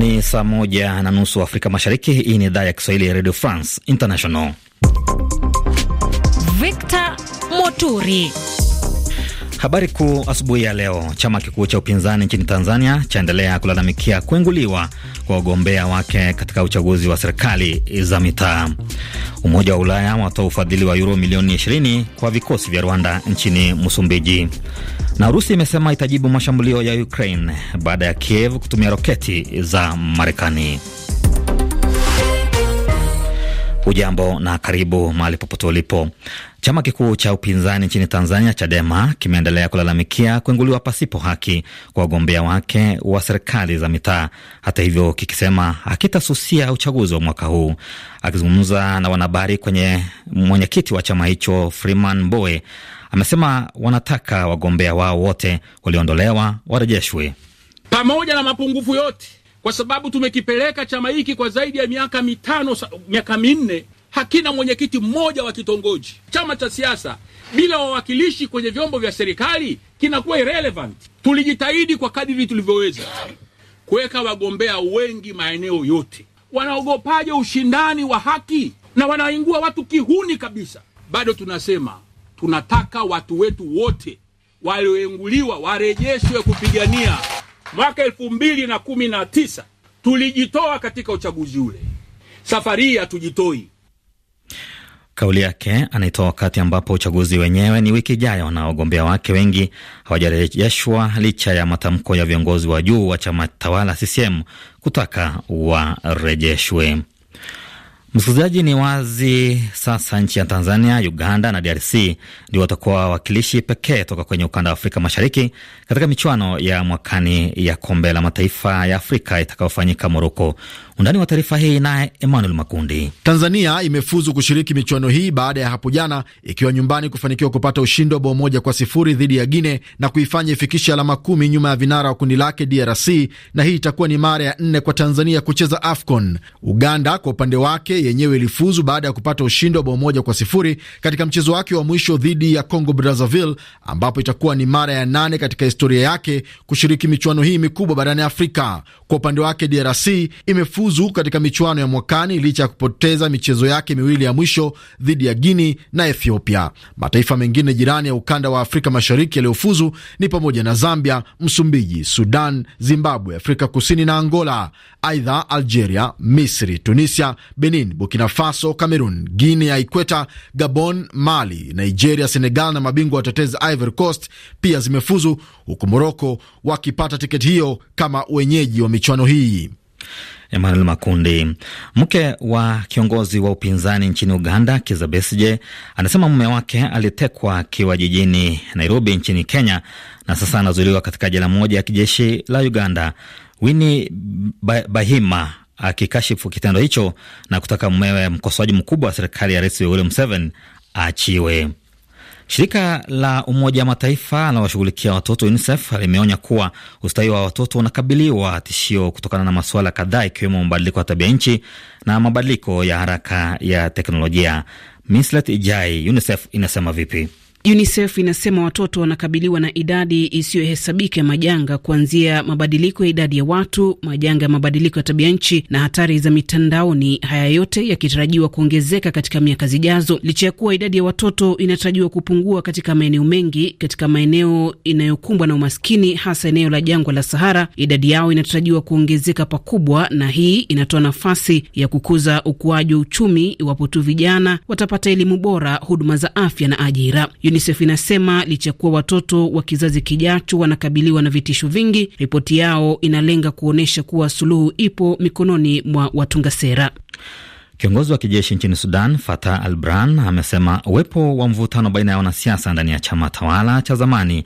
Ni saa moja na nusu Afrika Mashariki. Hii ni idhaa ya Kiswahili ya Radio France International. Victor Moturi Habari kuu asubuhi ya leo, chama kikuu cha upinzani nchini Tanzania chaendelea kulalamikia kuenguliwa kwa wagombea wake katika uchaguzi wa serikali za mitaa. Umoja wa Ulaya watoa ufadhili wa yuro milioni 20 kwa vikosi vya Rwanda nchini Msumbiji. Na Urusi imesema itajibu mashambulio ya Ukraine baada ya Kiev kutumia roketi za Marekani. Hujambo na karibu mahali popote ulipo. Chama kikuu cha upinzani nchini Tanzania, Chadema, kimeendelea kulalamikia kuinguliwa pasipo haki kwa wagombea wake wa serikali za mitaa, hata hivyo kikisema hakitasusia uchaguzi wa mwaka huu. Akizungumza na wanahabari kwenye mwenyekiti wa chama hicho Freeman Mbowe amesema wanataka wagombea wao wote walioondolewa warejeshwe pamoja na mapungufu yote kwa sababu tumekipeleka chama hiki kwa zaidi ya miaka mitano, miaka minne, hakina mwenyekiti mmoja wa kitongoji. Chama cha siasa bila wawakilishi kwenye vyombo vya serikali kinakuwa irrelevant. Tulijitahidi kwa kadiri tulivyoweza kuweka wagombea wengi maeneo yote. Wanaogopaje ushindani wa haki na wanaingua watu kihuni kabisa? Bado tunasema tunataka watu wetu wote walioenguliwa warejeshwe kupigania mwaka elfu mbili na kumi na tisa tulijitoa katika uchaguzi ule. Safari hii hatujitoi. Kauli yake anaitoa wakati ambapo uchaguzi wenyewe ni wiki ijayo na wagombea wake wengi hawajarejeshwa licha ya matamko ya viongozi wa juu wa chama tawala CCM kutaka warejeshwe. Msikilizaji, ni wazi sasa nchi ya Tanzania, Uganda na DRC ndio watakuwa wawakilishi pekee toka kwenye ukanda wa Afrika Mashariki katika michuano ya mwakani ya kombe la mataifa ya Afrika itakayofanyika Moroko. Undani wa taarifa hii naye Emmanuel Makundi. Tanzania imefuzu kushiriki michuano hii baada ya hapo jana ikiwa nyumbani kufanikiwa kupata ushindi wa bao moja kwa sifuri dhidi ya Guine na kuifanya ifikishe alama kumi nyuma ya vinara wa kundi lake DRC, na hii itakuwa ni mara ya nne kwa Tanzania kucheza AFCON. Uganda kwa upande wake yenyewe ilifuzu baada ya kupata ushindi wa bao moja kwa sifuri katika mchezo wake wa mwisho dhidi ya Congo Brazzaville, ambapo itakuwa ni mara ya nane katika historia yake kushiriki michuano hii mikubwa barani Afrika. Kwa upande wake DRC imefuzu kufuzu katika michuano ya mwakani licha ya kupoteza michezo yake miwili ya mwisho dhidi ya Guini na Ethiopia. Mataifa mengine jirani ya ukanda wa Afrika Mashariki yaliyofuzu ni pamoja na Zambia, Msumbiji, Sudan, Zimbabwe, Afrika Kusini na Angola. Aidha, Algeria, Misri, Tunisia, Benin, Burkina Faso, Cameroon, Guini ya Ikweta, Gabon, Mali, Nigeria, Senegal na mabingwa watetezi Ivory Coast pia zimefuzu, huku Moroko wakipata tiketi hiyo kama wenyeji wa michuano hii. Emmanuel Makundi. Mke wa kiongozi wa upinzani nchini Uganda, Kizza Besigye, anasema mume wake alitekwa akiwa jijini Nairobi nchini Kenya na sasa anazuiliwa katika jela moja ya kijeshi la Uganda. Winnie Bahima akikashifu kitendo hicho na kutaka mumewe, mkosoaji mkubwa wa serikali ya Rais Yoweri Museveni, aachiwe. Shirika la Umoja wa Mataifa linaloshughulikia watoto UNICEF limeonya kuwa ustawi wa watoto unakabiliwa tishio kutokana na masuala kadhaa ikiwemo mabadiliko ya tabia nchi na mabadiliko ya haraka ya teknolojia. Mislet Ijai, UNICEF inasema vipi? UNICEF inasema watoto wanakabiliwa na idadi isiyohesabika ya majanga kuanzia mabadiliko ya idadi ya watu, majanga ya mabadiliko ya tabia nchi na hatari za mitandaoni, haya yote yakitarajiwa kuongezeka katika miaka zijazo, licha ya kuwa idadi ya watoto inatarajiwa kupungua katika maeneo mengi. Katika maeneo inayokumbwa na umaskini, hasa eneo la jangwa la Sahara, idadi yao inatarajiwa kuongezeka pakubwa, na hii inatoa nafasi ya kukuza ukuaji wa uchumi iwapo tu vijana watapata elimu bora, huduma za afya na ajira. UNICEF inasema licha kuwa watoto wa kizazi kijacho wanakabiliwa na vitisho vingi, ripoti yao inalenga kuonyesha kuwa suluhu ipo mikononi mwa watunga sera. Kiongozi wa kijeshi nchini Sudan Fatah Al Bran amesema uwepo wa mvutano baina ya wanasiasa ndani ya chama tawala cha zamani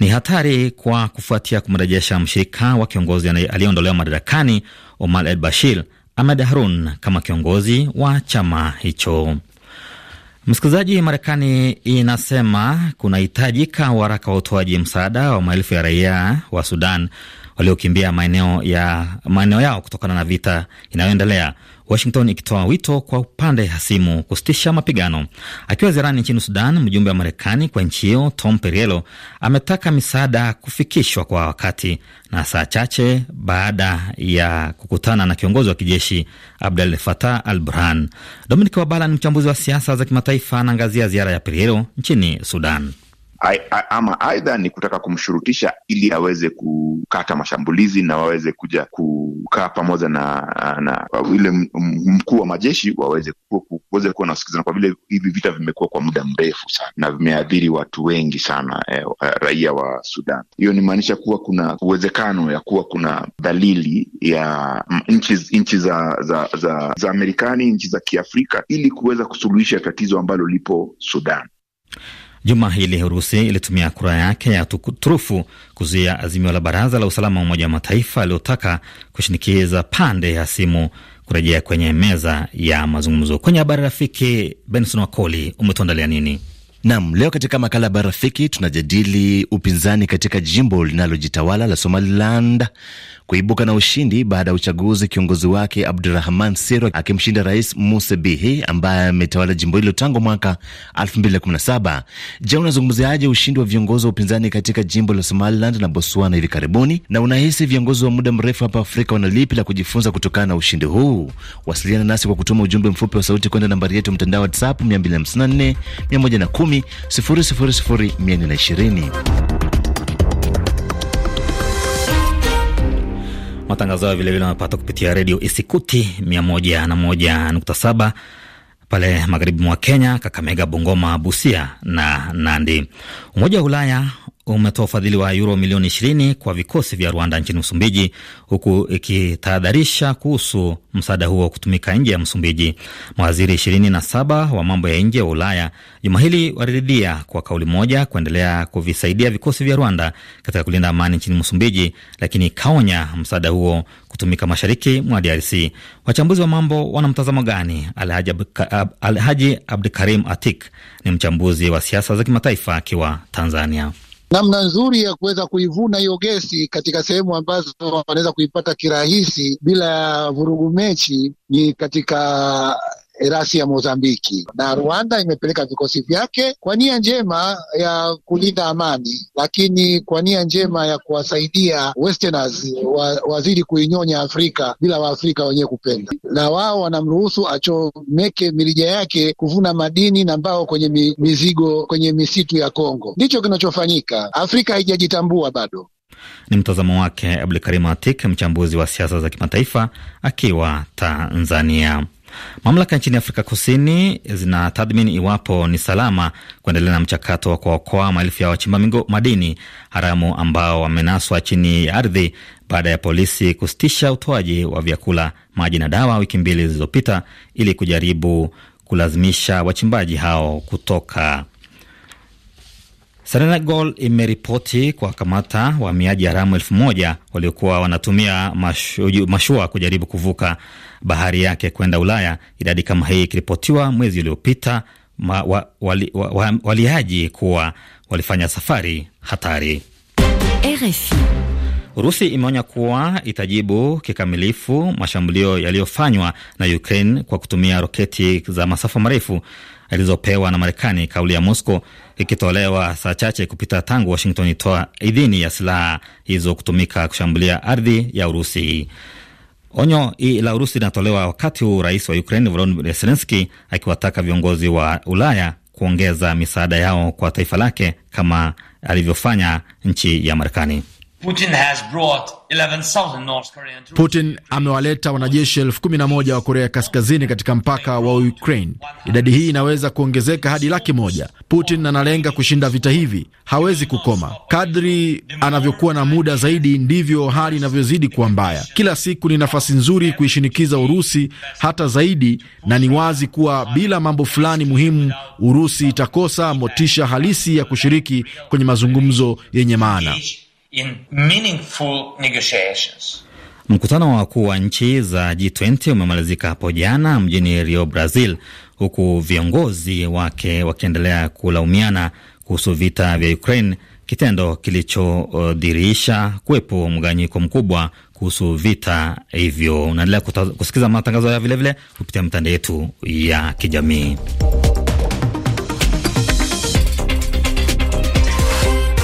ni hatari kwa kufuatia kumrejesha mshirika wa kiongozi aliyeondolewa madarakani Omar Al Bashir Ahmed Harun kama kiongozi wa chama hicho. Msikilizaji, Marekani inasema kunahitajika waraka wa utoaji msaada wa maelfu ya raia wa Sudan waliokimbia maeneo ya maeneo yao kutokana na vita inayoendelea, Washington ikitoa wito kwa upande hasimu kusitisha mapigano. Akiwa ziarani nchini Sudan, mjumbe wa Marekani kwa nchi hiyo Tom Perriello ametaka misaada kufikishwa kwa wakati, na saa chache baada ya kukutana na kiongozi wa kijeshi Abdel Fattah al Burhan. Dominic Wabala ni mchambuzi wa siasa za kimataifa, anaangazia ziara ya Perriello nchini Sudan ama aidha ni kutaka kumshurutisha ili aweze kukata mashambulizi na waweze kuja kukaa pamoja na na yule mkuu wa majeshi waweze kuweze kuwa na usikilizano, kwa vile hivi vita vimekuwa kwa muda mrefu sana na vimeathiri watu wengi sana eh, raia wa Sudan. Hiyo ni maanisha kuwa kuna uwezekano ya kuwa kuna dalili ya nchi za za za, za Amerikani, nchi za Kiafrika ili kuweza kusuluhisha tatizo ambalo lipo Sudan. Juma hili Urusi ilitumia kura yake ya turufu kuzuia azimio la Baraza la Usalama wa Umoja wa Mataifa aliotaka kushinikiza pande ya simu kurejea kwenye meza ya mazungumzo. Kwenye habari rafiki, Benson Wakoli, umetuandalia nini? Nam, leo katika makala bara barafiki tunajadili upinzani katika jimbo linalojitawala la Somaliland kuibuka na ushindi baada ya uchaguzi, kiongozi wake Abdurahman Siro akimshinda Rais Muse Bihi ambaye ametawala jimbo hilo tangu mwaka 2017. Je, unazungumziaje ushindi wa viongozi wa upinzani katika jimbo la Somaliland na Botswana hivi karibuni, na unahisi viongozi wa muda mrefu hapa Afrika wanalipi la kujifunza kutokana na ushindi huu? Wasiliana nasi kwa kutuma ujumbe mfupi wa sauti kwenda nambari yetu mtandao wa WhatsApp 254 110 Matangazo hayo vilevile anapata kupitia redio Isikuti 101.7 pale magharibi mwa Kenya, Kakamega, Bungoma, Busia na Nandi. Umoja wa Ulaya umetoa ufadhili wa yuro milioni 20 kwa vikosi vya Rwanda nchini Msumbiji, huku ikitahadharisha kuhusu msaada huo kutumika nje ya Msumbiji. Mawaziri 27 wa mambo ya nje wa Ulaya juma hili waliridhia kwa kauli moja kuendelea kuvisaidia vikosi vya Rwanda katika kulinda amani nchini Msumbiji, lakini ikaonya msaada huo kutumika mashariki mwa DRC. Wachambuzi wa mambo wana mtazamo gani? Alhaji Abdikarim Atik ni mchambuzi wa siasa za kimataifa akiwa Tanzania namna nzuri ya kuweza kuivuna hiyo gesi katika sehemu ambazo wanaweza kuipata kirahisi bila vurugu mechi ni katika rasi ya Mozambiki, na Rwanda imepeleka vikosi vyake kwa nia njema ya kulinda amani, lakini kwa nia njema ya kuwasaidia westerners wa, wazidi kuinyonya Afrika bila Waafrika wenyewe kupenda, na wao wanamruhusu achomeke mirija yake kuvuna madini na mbao kwenye mizigo kwenye misitu ya Kongo. Ndicho kinachofanyika. Afrika haijajitambua bado. Ni mtazamo wake Abdulkarim Atik, mchambuzi wa siasa za kimataifa akiwa Tanzania. Mamlaka nchini Afrika Kusini zinatathmini iwapo ni salama kuendelea na mchakato wa kuwaokoa maelfu ya wachimba madini haramu ambao wamenaswa chini ya ardhi baada ya polisi kusitisha utoaji wa vyakula, maji na dawa wiki mbili zilizopita ili kujaribu kulazimisha wachimbaji hao kutoka Senegal imeripoti kwa kamata wahamiaji haramu elfu moja waliokuwa wanatumia mashu, mashua kujaribu kuvuka bahari yake kwenda Ulaya, idadi kama hii ikiripotiwa mwezi uliopita wa, wa, wa, wa, kuwa walifanya safari hatari. RFI. Urusi imeonya kuwa itajibu kikamilifu mashambulio yaliyofanywa na Ukraine kwa kutumia roketi za masafa marefu alizopewa na Marekani, kauli ya Moscow ikitolewa saa chache kupita tangu Washington itoa idhini ya silaha hizo kutumika kushambulia ardhi ya Urusi. Onyo hii la Urusi linatolewa wakati huu rais wa Ukraine Volodymyr Zelensky akiwataka viongozi wa Ulaya kuongeza misaada yao kwa taifa lake kama alivyofanya nchi ya Marekani. Putin, amewaleta wanajeshi elfu kumi na moja wa Korea Kaskazini katika mpaka wa Ukraine. Idadi hii inaweza kuongezeka hadi laki moja. Putin analenga kushinda vita hivi, hawezi kukoma. Kadri anavyokuwa na muda zaidi, ndivyo hali inavyozidi kuwa mbaya. Kila siku ni nafasi nzuri kuishinikiza Urusi hata zaidi, na ni wazi kuwa bila mambo fulani muhimu, Urusi itakosa motisha halisi ya kushiriki kwenye mazungumzo yenye maana in meaningful negotiations. Mkutano wa wakuu wa nchi za G20 umemalizika hapo jana mjini Rio, Brazil, huku viongozi wake wakiendelea kulaumiana kuhusu vita vya Ukraine, kitendo kilichodhihirisha kuwepo mganyiko mkubwa kuhusu vita hivyo. Unaendelea kusikiza matangazo haya vilevile kupitia mitandao yetu ya kijamii.